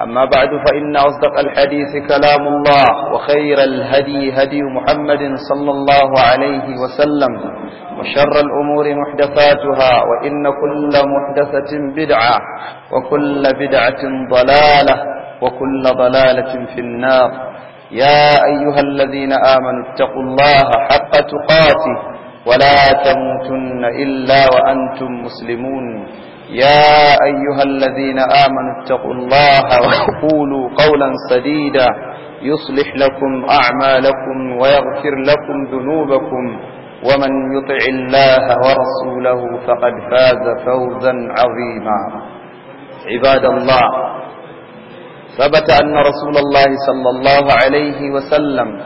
أما بعد فإن أصدق الحديث كلام الله وخير الهدي هدي محمد صلى الله عليه وسلم وشر الأمور محدثاتها وإن كل محدثة بدعة وكل بدعة ضلالة وكل ضلالة في النار يا أيها الذين آمنوا اتقوا الله حق تقاته ولا تموتن إلا وأنتم مسلمون يا أيها الذين آمنوا اتقوا الله وقولوا قولا سديدا يصلح لكم أعمالكم ويغفر لكم ذنوبكم ومن يطع الله ورسوله فقد فاز فوزا عظيما عباد الله ثبت أن رسول الله صلى الله عليه وسلم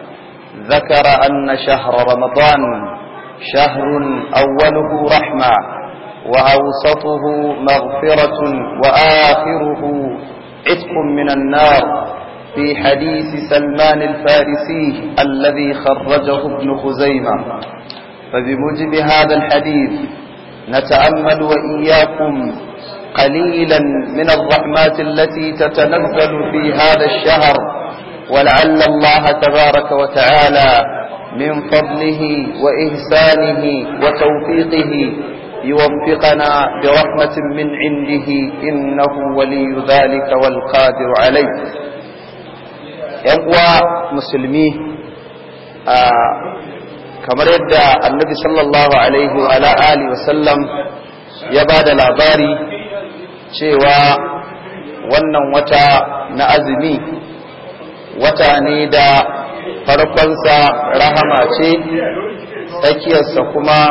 ذكر أن شهر رمضان شهر أوله رحمه وأوسطه مغفرة وآخره عتق من النار في حديث سلمان الفارسي الذي خرجه ابن خزيمة فبموجب هذا الحديث نتأمل وإياكم قليلا من الرحمات التي تتنزل في هذا الشهر ولعل الله تبارك وتعالى من فضله وإحسانه وتوفيقه يوفقنا برحمة من da إنه ولي ذلك والقادر عليه يقوى مسلمي kamar yadda annabi sallallahu alaihi wa alihi wasallam ya ba da labari cewa wannan wata na azumi wata ne da farkonsa rahama ce tsakiyarsa kuma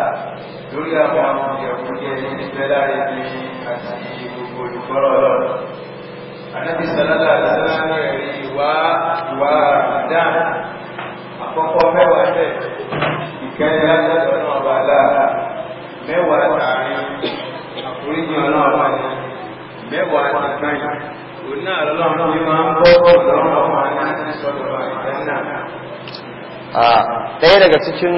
lórí àwọn àwọn ìyàwójẹ nígbẹ́ láàrin bí àti gbogbo olùgbọ́rọ̀ lọ́rọ̀. Ànábì sàlálà àdásánà ní ẹ̀rí ìwà ìwà àdán àkọ́kọ́ mẹ́wàá bẹ̀ ìkẹyẹ látọ̀dọ̀ náà bá lára mẹ́wàá tààrin àforíjì ọlọ́ọ̀bá ni mẹ́wàá ti gbẹ̀yìn òun náà ah, daga cikin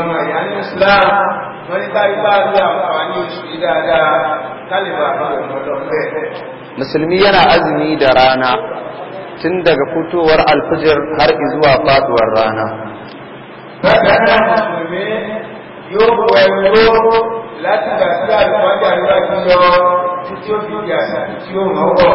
ọmọ ìyá ní Islam wọ́n ní bá rí oṣù yìí dáadáa kálíbà Musulmi yana azumi da rana tun daga fitowar alfijir har zuwa faduwar rana. Musulmi yóò láti lọ títí ó fi yàtọ̀ tí ó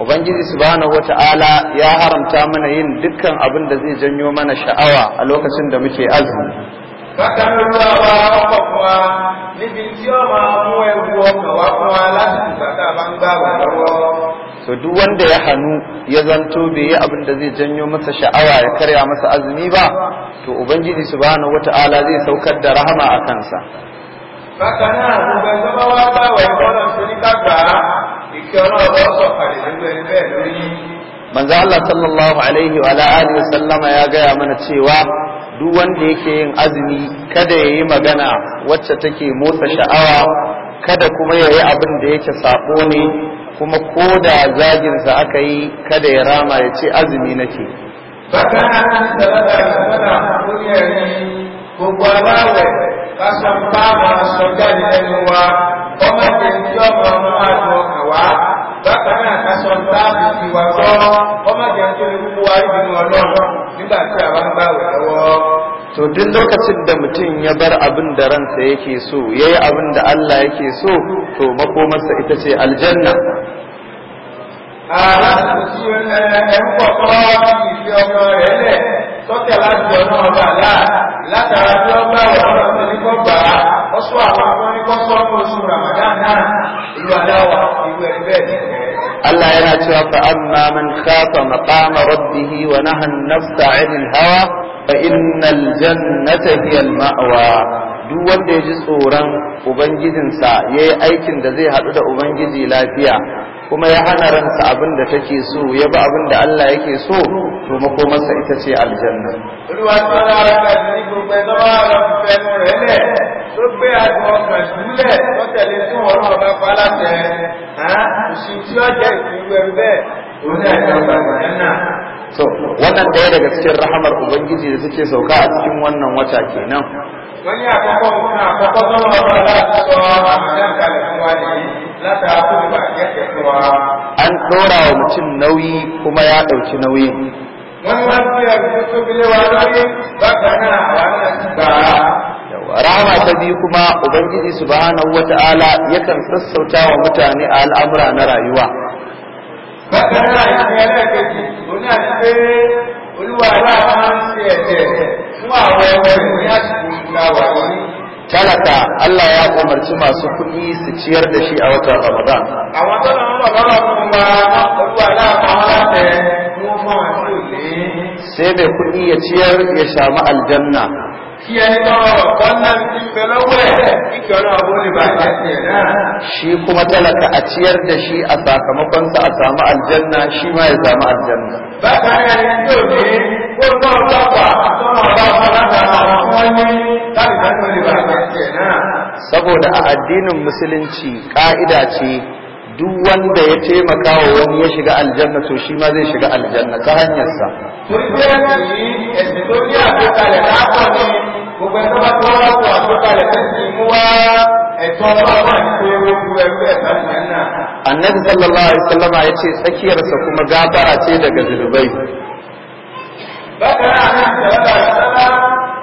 ubangiji subhanahu wata'ala ya haramta mana yin dukkan abin da zai janyo mana sha'awa a lokacin da muke azumi So to duk wanda ya hannu ya zanto bai yi abin da zai janyo masa sha'awa ya karya masa azumi ba to ubangiji subhanahu wata'ala zai saukar da rahama a kansa bákan náà gbogbo wata wá bá manzo Allah sallallahu alaihi wa alihi wa sallama ya gaya mana cewa duk wanda yake yin azumi kada ya yi magana wacce take motsa sha'awa kada kuma ya yi abin da yake sabo ne kuma ko da zaginsa aka yi kada ya rama ya ce azumi nake Gbogbo ọmọ ọmọ àjọ bákan náà ká sọ táàbù tó ọlọ́run to duk lokacin da mutum ya bar abin da ransa yake so ya yi abin da Allah yake so to makomarsa ita ce aljanna ààrẹ àti ẹ̀ńkọ̀kọ́ ìfẹ́ ọkọ tọ́tẹ̀ láti ọ̀nà ọba látara tí wọ́n bá tó ní kọ́ gbà á ó sọ àwọn akọ́nikọ́ oṣù Ramadan náà ìlú ìlú ẹgbẹ́ Allah yana cewa fa amma man khafa maqama rabbih wa naha an-nafsa 'anil hawa duk wanda ya ji tsoron ubangijinsa ya yi aikin da zai haɗu da ubangiji lafiya kuma ya hana ransa abin da take so ya ba abin da Allah yake so to makomarsa ita ce aljanna ruwa tsara raka ni gurbe zama rabu fenu rele tó gbé àgbọn kan sílẹ̀ tó tẹ̀lé tí wọn náà bá pa láṣẹ òsì tí ó jẹ́ ìpínlẹ̀ ẹ̀rú bẹ́ẹ̀ òun náà ẹ̀ka gbàgbà náà. so wannan ɗaya daga cikin rahamar ubangiji da suke sauka a cikin wannan wata kenan wọ́n yà àkọ́kọ́ nǹkan tó lọ bá láti sọ àmàdáǹkalẹ̀ fún wa nìyí látara tó bá jẹ́jẹ́ fún wa. an ɗora wa mutum nauyi kuma ya ɗauki nauyin. wọ́n wani sí ẹ̀rọ tó fi lé wa lórí bákan náà àwọn Rama ta biyu kuma Ubangiji subhanahu wa ta'ala yakan sassauta wa mutane a al'amura na rayuwa. Bákan talaka Allah ya umarci masu kuɗi su ciyar da shi a watan Ramadan. A watan Ramadan kuma ruwa na kamar da sai mai kuɗi ya ciyar ya samu aljanna. Shi kuma talaka a ciyar da shi a sakamakonsa a samu aljanna shi ma ya samu aljanna. Ba ta yi yanzu ne, ko ba ba ba, ba ba ba ba ba saboda a addinin musulunci ka'ida ce duk wanda ya taimaka wa wani ya shiga aljanna to shi ma zai shiga aljanna ta hanyarsa annabi sallallahu alaihi wasallam ya ce tsakiyarsa kuma gabara ce daga zunubai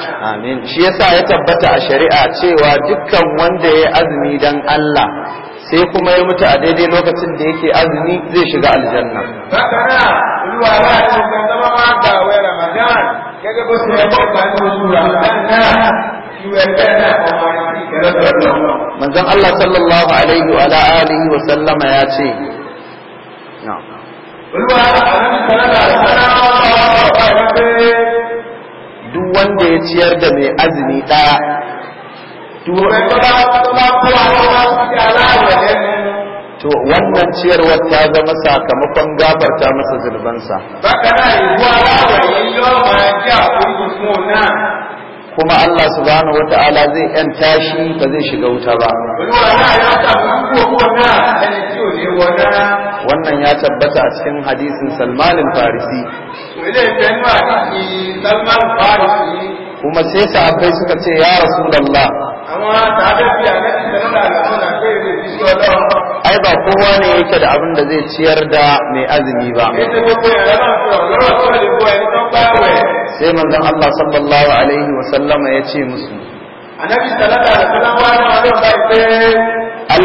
amin shi yasa ya tabbata a shari'a cewa dukkan wanda ya azumi dan Allah sai kuma ya mutu a daidai lokacin da yake azumi zai shiga aljanna manzon Allah sallallahu alaihi wa alihi wa sallama ya ce na'am duk wanda ya ciyar da mai azumi ɗaya to wannan ciyarwar ta zama sakamakon gafarta masa zunubansa kuma Allah subhanahu wa ta'ala zai ‘yan tashi ba zai shiga wuta ba. wannan ya tabbata a cikin hadisin Salman al-Farisi kuma sai akwai suka ce ya rasu Rasulullah ai ba kowa ne yake da abin da zai ciyar da mai azumi ba sai manzon Allah sallallahu alaihi wa sallama ya ce musu annabi sallallahu alaihi wa sallama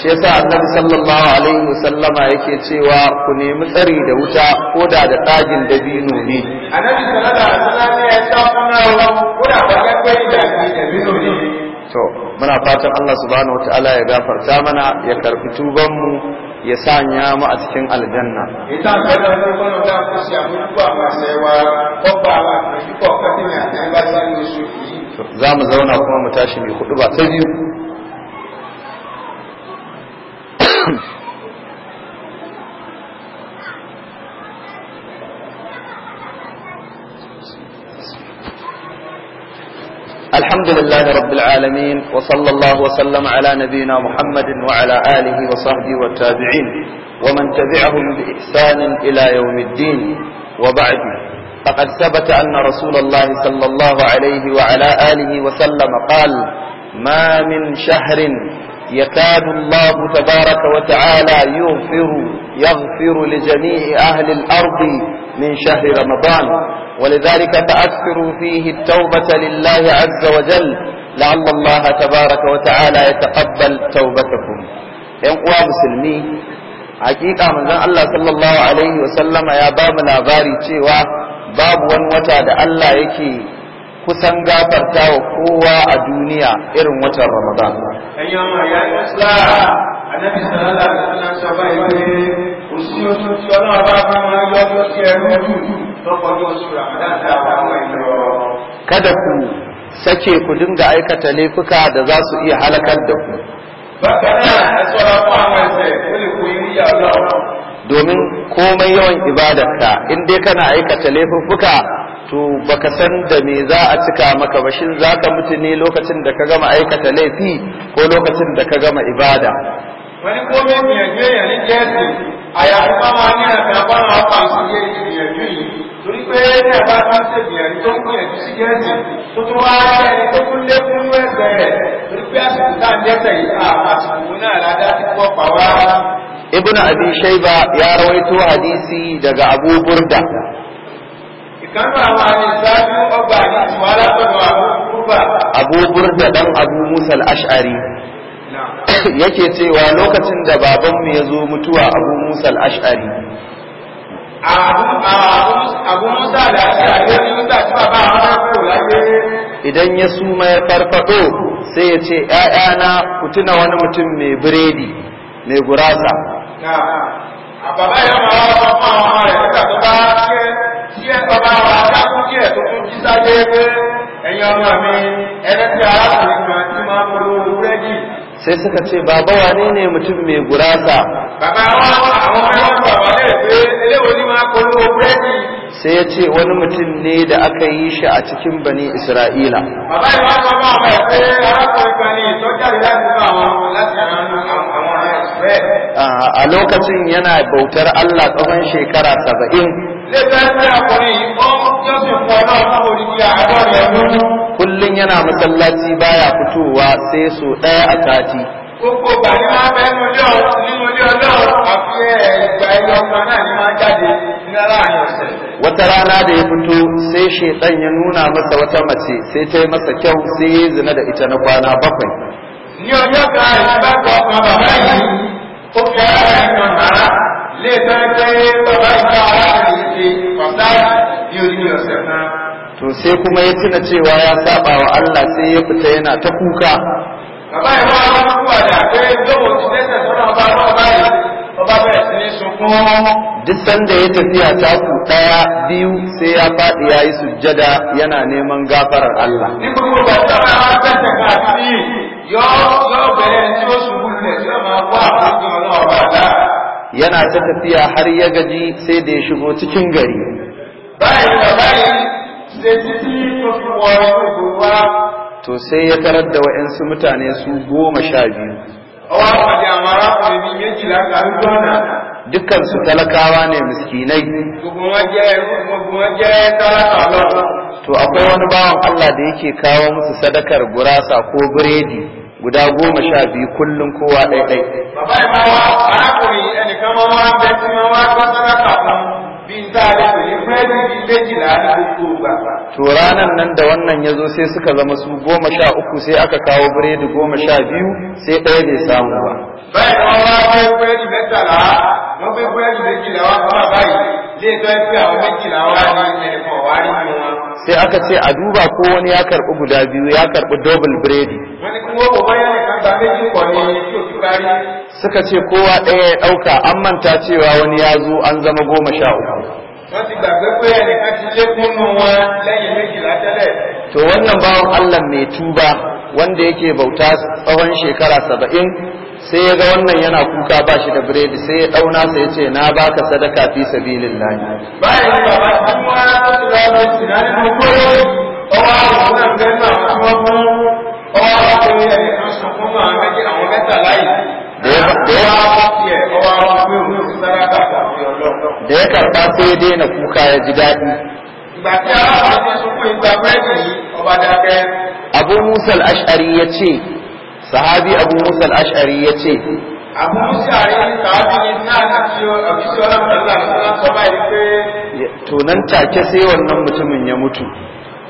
shi yasa annabi sallallahu alaihi wasallama yake cewa ku nemi tsari da wuta ko da da tsagin dabino ne annabi sallallahu alaihi wasallama ya ta kuma kuna ba ga kai da dabino ne to muna fatan Allah subhanahu wataala ya gafarta mana ya karfi tuban mu ya sanya mu a cikin aljanna ita ga da farkon da ku shi abu ku ba sai wa ko ba ba ko ka tinga sai ba sai su za mu zauna kuma mu tashi mai hudu ba ta biyu الحمد لله رب العالمين وصلى الله وسلم على نبينا محمد وعلى آله وصحبه والتابعين ومن تبعهم بإحسان إلى يوم الدين وبعد فقد ثبت أن رسول الله صلى الله عليه وعلى آله وسلم قال ما من شهر يكاد الله تبارك وتعالى يغفر يغفر لجميع أهل الأرض من شهر رمضان ولذلك فأكثروا فيه التوبة لله عز وجل لعل الله تبارك وتعالى يتقبل توبتكم ينقوى مسلمي حقيقة من ذن الله صلى الله عليه وسلم يا باب لاباري تيوى باب ونوتا دا الله يكي kusan gafarta wa kowa a duniya irin watan Ramadan. Ayyawa ya yi matsala, annabi sallallahu alaihi wasallam kada ku sake ku dinga aikata laifuka da za su iya halakar da ku. domin komai yawan ibadarka in dai kana aikata laifuka, to baka san da me za a cika maka bashin za zaka mutu ne lokacin da ka gama aikata laifi ko lokacin da ka gama ibada wani komai ya yanzu yanzu àyàfi máa máa ní ẹ̀ka bá wọn pa ìṣòye ìgbìyànjú yìí torí pé ní ẹ̀ka bá ṣe ìgbìyànjú tó ń gbìyànjú sí gẹ́ẹ̀sì tó tún wá rẹ̀ ẹni tó tún lé fún ẹgbẹ́ rẹ̀ torí pé àsìkò tá à ń dẹ́sẹ̀ yìí àsìkò náà ládá ti pọ̀ pa wá. ibn abi shayba ya rawaito hadisi daga abu burda kama àwọn àyẹ̀sáájú ọgbà àti ìwà alábọ̀dọ̀ àbúrúbà. abu burda dan abu musa al-ash'ari. yake cewa lokacin da babanmu ya zo mutuwa abu musa al'ashari abu musa al'ashari ya ci baba idan ya suma ya farfado sai ya ce ‘ya'yana ku tuna wani mutum mai biredi mai gurasa ẹ̀yin ọmọ mi ẹlẹ́sẹ̀ arákùnrin kan tí máa ń polówó búrẹ́dì sai suka ce baba wane ne mutum mai gurasa sai ya ce wani mutum ne da aka yi shi a cikin bani isra'ila a lokacin yana bautar allah tsawon shekara saba'in kullum yana masallaci baya fitowa sai so ɗaya a sati gbogbo ba ni máa bẹ nínú ilé nínú a ọlọ́run àfi ẹgbà ilé ọmọ náà ni máa jáde ní aláàrin ọ̀sẹ̀. wata rana da ya fito sai shaitan ya nuna masa wata mace sai ta yi masa kyau sai ya zina da ita na kwana bakwai. ní ọjọ́ kan ìbákan ọkàn bàbá yìí ó fi ara rẹ̀ kan mara lè tán pé bàbá ìgbà ara rẹ̀ ṣe wàsáì ní ọ̀sẹ̀ kan. to sai kuma ya tuna cewa ya saba wa Allah sai ya fita yana ta kuka duk sanda ya tafiya ku ɗaya biyu sai ya faɗi ya yi sujjada yana neman gafarar Allah yana ta tafiya har ya gaji sai da ya shigo cikin gari to sai ya tarar da wa'yansu mutane su goma sha biyu dukkan su talakawa ne miskinai to akwai wani bawan Allah da yake kawo musu sadakar gurasa ko biredi guda goma sha biyu kullum kowa ɗaiɗai. To ranan nan da wannan yazo sai suka zama su goma sha uku sai aka kawo biredi goma sha biyu sai ɗaya bai samu ba. Bai kawo ba bai biredi mẹ́tàlá, wọ́n bai biredi méjìlá wa kuma báyìí, zai zo ya wa àwọn méjìlá wa ne ne ko wá ní Sai aka ce a duba ko wani ya karbi guda biyu ya karbi double biredi. Wani kuma ba ya ne kan ba méjì ko ne suka ce kowa ɗaya ya ɗauka an manta cewa wani ya zo an zama goma sha uku ta to wannan bawan Allah mai tuba wanda yake bauta tsawon shekara saba'in sai ya ga wannan yana kuka ba shi da biredi sai ya ɗauna sai ya ce na baka sadaka fi sabilin lahi bayan da ya karɓa sai ya daina kuka ya ji daɗi abu musa al ya ce sahabi abu musa al-ash'ari ya ce abu musa al-ash'ari sahabi ne na to nan take sai wannan mutumin ya mutu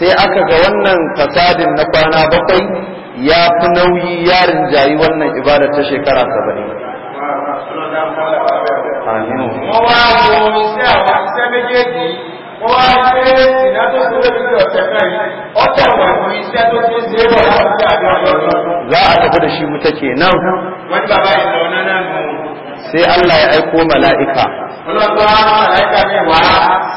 sai aka ga wannan fasadin na kwana bakwai ya fi nauyi ya rinjayi wannan ibadar ta shekara saba'in za a tafi da shi wuta kenan. nan sai Allah ya aiko mala'ika.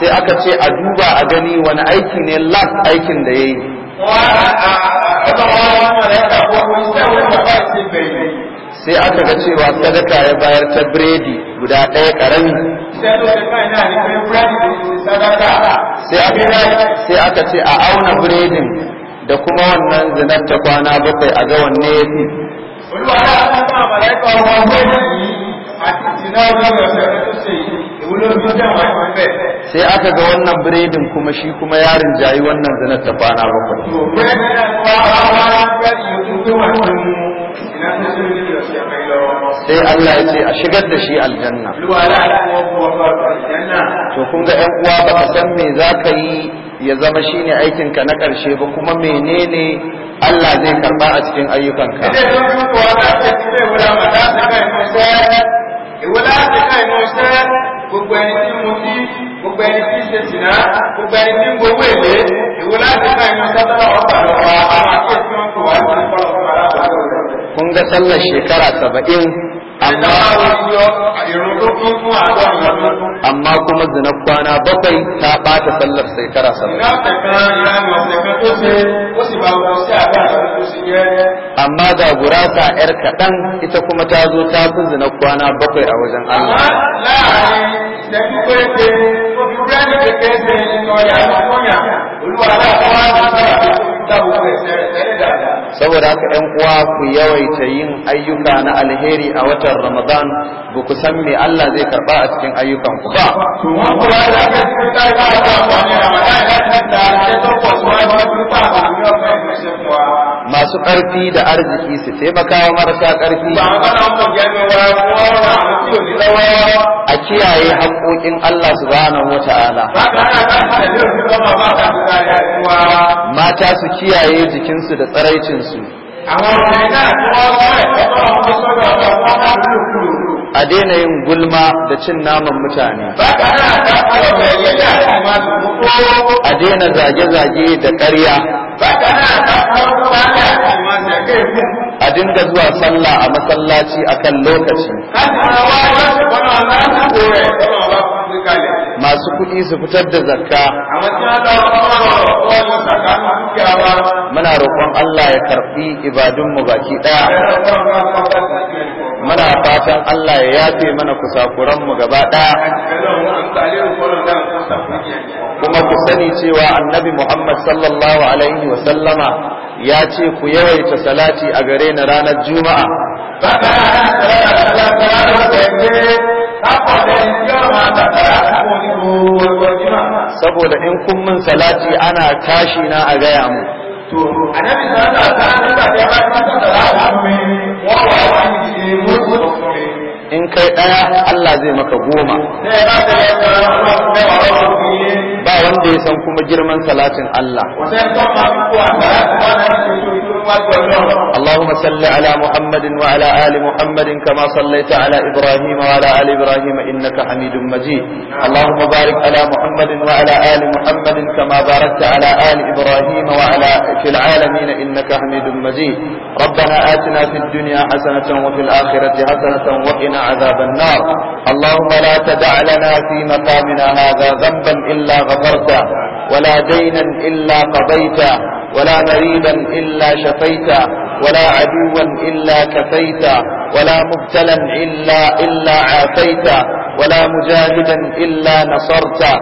sai aka ce a duba a gani wani aiki ne last aikin da ya yi sai aka ga cewa sadaka ya bayar ta biredi guda ɗaya ƙarami sai aka ce a auna biredin da kuma wannan zinar ta kwana bakwai a ga wanne ya fi sai aka ga wannan biredin kuma shi kuma yarin jayi wannan zinar ta kwana bakwai sai Allah ya ce a shigar da shi aljanna to kun ga yan uwa ba ka san me za ka yi ya zama shi ne aikinka na ƙarshe ba kuma menene Allah zai karɓa a cikin ayyukanka gbogbo ẹni mo ti gbogbo ẹni tí ń ṣe sìnà gbogbo ẹni tí ń èlé láti ká kun ga sallar shekara saba'in amma kuma zina kwana bakwai ta bata sallar shekara saba'in amma ga gurasa yar kaɗan ita kuma ta zo ta fi zina kwana bakwai a wajen Allah. saboda haka ‘yan uwa ku yawaita yin ayyuka na alheri a watan ramadan ba ku san me Allah zai karba a cikin ayyukan ku ba. masu ƙarfi da arziki su taimaka wa marasa ƙarfi. kiyaye haƙoƙin Allah subhanahu wa ta'ala mata su kiyaye jikinsu da tsaraicinsu a daina yin gulma da cin naman mutane a daina zage-zage da ƙarya dinga zuwa sallah a masallaci akan lokaci masu kuɗi su fitar da zakka muna roƙon Allah ya karɓi ibadunmu baki ɗaya muna fatan Allah ya yafe mana kusakuranmu gaba ɗaya kuma ku sani cewa annabi Muhammad sallallahu alaihi wa sallama ya ce ku yawaita salati a gare na ranar juma'a saboda in kun min salati ana tashi na a gaya mu to da ta ta in kai ɗaya Allah zai maka goma ba wanda ya san kuma girman salatin Allah اللهم صل على محمد وعلى آل محمد كما صليت على إبراهيم وعلى آل إبراهيم إنك حميد مجيد اللهم بارك على محمد وعلى آل محمد كما باركت على آل إبراهيم وعلى في العالمين إنك حميد مجيد ربنا آتنا في الدنيا حسنة وفي الآخرة حسنة وقنا عذاب النار اللهم لا تدع لنا في مقامنا هذا ذنبا إلا غفرته ولا دينا إلا قضيته ولا مريضا إلا شفيته ولا عدوا إلا كفيتا ولا مبتلا إلا, إلا عافيتا ولا مجاهدا إلا نصرتا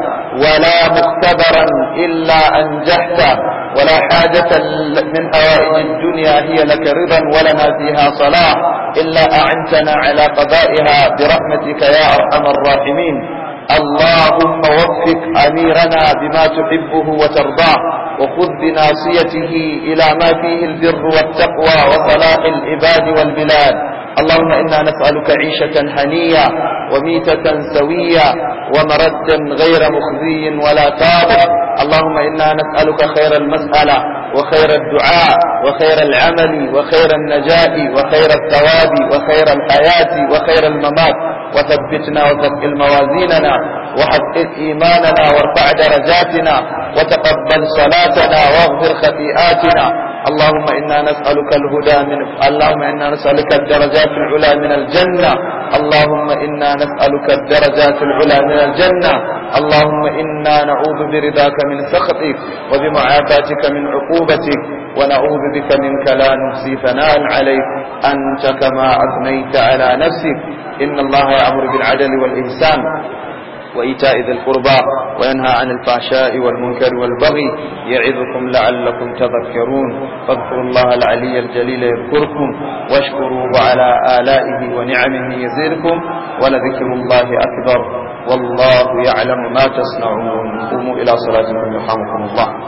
ولا مختبرا إلا أنجحتا ولا حاجة من أوائل الدنيا هي لك رضا ولنا فيها صلاة إلا أعنتنا على قضائها برحمتك يا أرحم الراحمين اللهم وفق أميرنا بما تحبه وترضاه وخذ بناصيته إلى ما فيه البر والتقوى وصلاح العباد والبلاد اللهم إنا نسألك عيشة هنية وميتة سوية ومردا غير مخزي ولا تابع اللهم إنا نسألك خير المسألة وخير الدعاء وخير العمل وخير النجاة وخير الثواب وخير الحياة وخير الممات وثبتنا وثقل موازيننا وحقق إيماننا وارفع درجاتنا وتقبل صلاتنا واغفر خطيئاتنا اللهم إنا نسألك الهدى من اللهم إنا نسألك الدرجات العلى من الجنة اللهم إنا نسألك الدرجات العلى من الجنة اللهم إنا نعوذ برضاك من سخطك وبمعافاتك من عقوبتك ونعوذ بك منك لا نحصي ثناء عليك أنت كما أثنيت على نفسك إن الله يأمر بالعدل والإحسان وإيتاء ذي القربى وينهى عن الفحشاء والمنكر والبغي يعظكم لعلكم تذكرون فاذكروا الله العلي الجليل يذكركم واشكروه على آلائه ونعمه يزيركم ولذكر الله أكبر والله يعلم ما تصنعون قوموا إلى صلاتكم يرحمكم الله